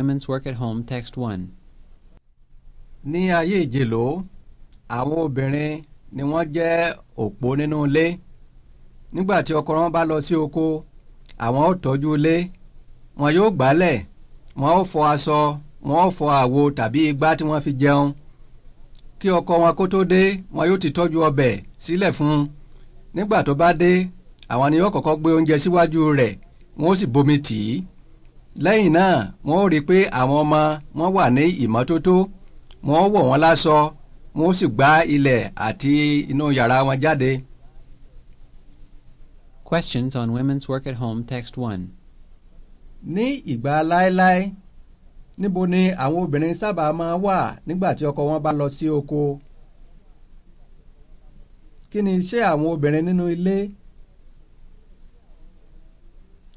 Women's Work at Home Text 1. Ní ayé ìjèlò, àwọn obìnrin ni wọ́n jẹ́ òpó nínú ilé. Nígbà tí ọkọ wọn bá lọ sí oko, àwọn ó tọ́jú ilé. Wọn yóò gbálẹ̀, wọn ó fọ aṣọ, wọn ó fọ àwo tàbí igbá tí wọ́n fi jẹun. Kí ọkọ wọn kó tó dé, wọn yóò ti tọ́jú ọbẹ̀ sílẹ̀ fún un. Nígbà tó bá dé, àwọn ni yóò kọ́kọ́ gbé oúnjẹ síwájú rẹ̀, wọn ó sì bomi tì í lẹ́yìn náà wọ́n ó rí i pé àwọn ọmọ wọn wà ní ìmọ́tótó wọ́n ó wọ̀ wọ́n láṣọ wọ́n ó sì gbá ilẹ̀ àti inú yàrá wọn jáde. Questions on women's work at home text one. Ní ìgbà láéláé, níbo ni àwọn obìnrin sábà máa wà nígbà tí ọkọ wọn bá lọ sí oko? Kí ni iṣẹ́ àwọn obìnrin nínú ilé?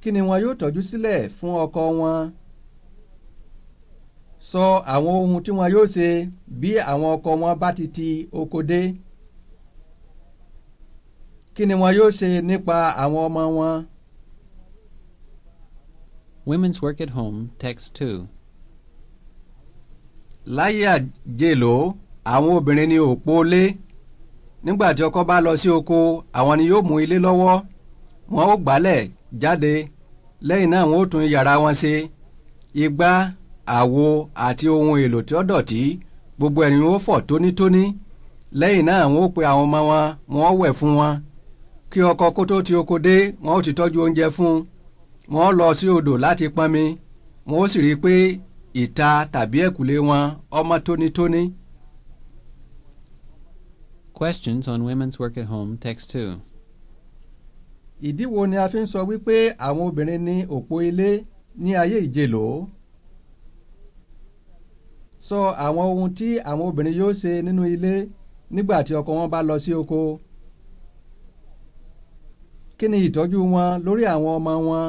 kí ni wọn yóò tọ́jú sílẹ̀ fún ọkọ wọn sọ àwọn ohun tí wọn yóò ṣe bí àwọn ọkọ wọn bá ti ti oko dé kí ni wọn yóò ṣe nípa àwọn ọmọ wọn. Women's Work at Home, Text 2. Láyé àjèlò, àwọn obìnrin ni òpó ilé. Nígbà tí ọkọ bá lọ sí oko, àwọn ni yóò mú ilé lọ́wọ́. Wọ́n ó gbálẹ̀ jáde lẹ́yìn náà wọ́n tún yàrá wọn ṣe igbá àwo àti ohun èlò tí ó dọ̀tí gbogbo ẹ̀ ni wọ́n fọ̀ tónítóní lẹ́yìn náà wọ́n pe àwọn ọmọ wọn wọ́n wẹ̀ fún wọn kí ọkọ kó ti oko dé wọ́n ó ti tọ́jú oúnjẹ fún wọ́n lọ sí odò láti pọnmi wọ́n ó sì rí i pé ìta tàbí ẹ̀kùlé wọn ọmọ tónítóní. Questions on women's work at home, text two ìdí wo ni a fi ń sọ wípé àwọn obìnrin ní òpó ilé ní ayé ìjèlò? sọ àwọn ohun tí àwọn obìnrin yóò ṣe nínú ilé nígbà tí ọkọ wọn bá lọ sí oko. kí ni ìtọ́jú wọn lórí àwọn ọmọ wọn?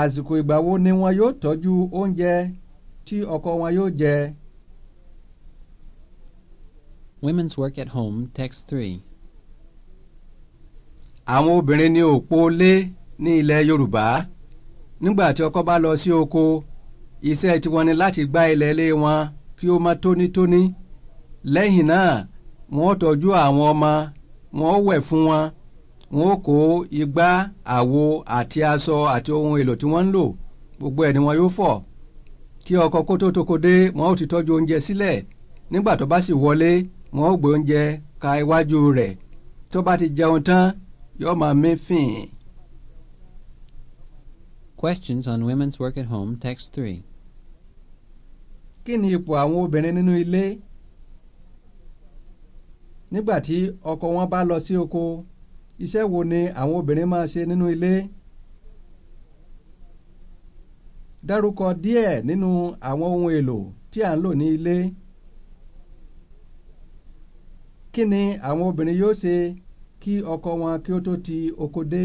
àsìkò ìgbà wo ni wọn yóò tọ́jú oúnjẹ tí ọkọ wọn yóò jẹ? Women's work at home, text three àwọn obìnrin ní òpó lé ní ilẹ̀ Yorùbá nígbà tí ọkọ bá lọ sí oko iṣẹ́ tiwọn ni láti gbá ilẹ̀ ilé wọn kí ó mọ́ tónítóní lẹ́yìn náà wọ́n tọ́jú àwọn ọmọ wọ́n wẹ̀ fún wọn wọ́n kó igbá àwo àti aṣọ àti ohun èlò tí wọ́n ń lò gbogbo ẹ̀ ni wọn yóò fọ̀ kí ọkọ kó tó toko dé wọn ó ti tọ́jú oúnjẹ sílẹ̀ nígbà tó bá sì wọlé wọn ó gbé oúnjẹ ka iwájú rẹ̀ tó bá ti jẹun tán yóò máa mẹ́fìn. questions on women's work at home text three. kí ni ipò àwọn obìnrin nínú ilé nígbà tí ọkọ wọn bá lọ sí oko iṣẹ́ wo ni àwọn obìnrin máa ṣe nínú ilé dárúkọ díẹ̀ nínú àwọn ohun èlò tí à ń lò ní ilé kí ni àwọn obìnrin yóò ṣe kí ọkọ wọn kí ó tó ti oko dé